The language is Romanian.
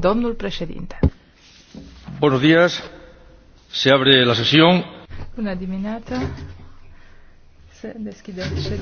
Domnule președinte. Buenos días. Se abre la sesión. Bună dimineața. Se deschide ședința.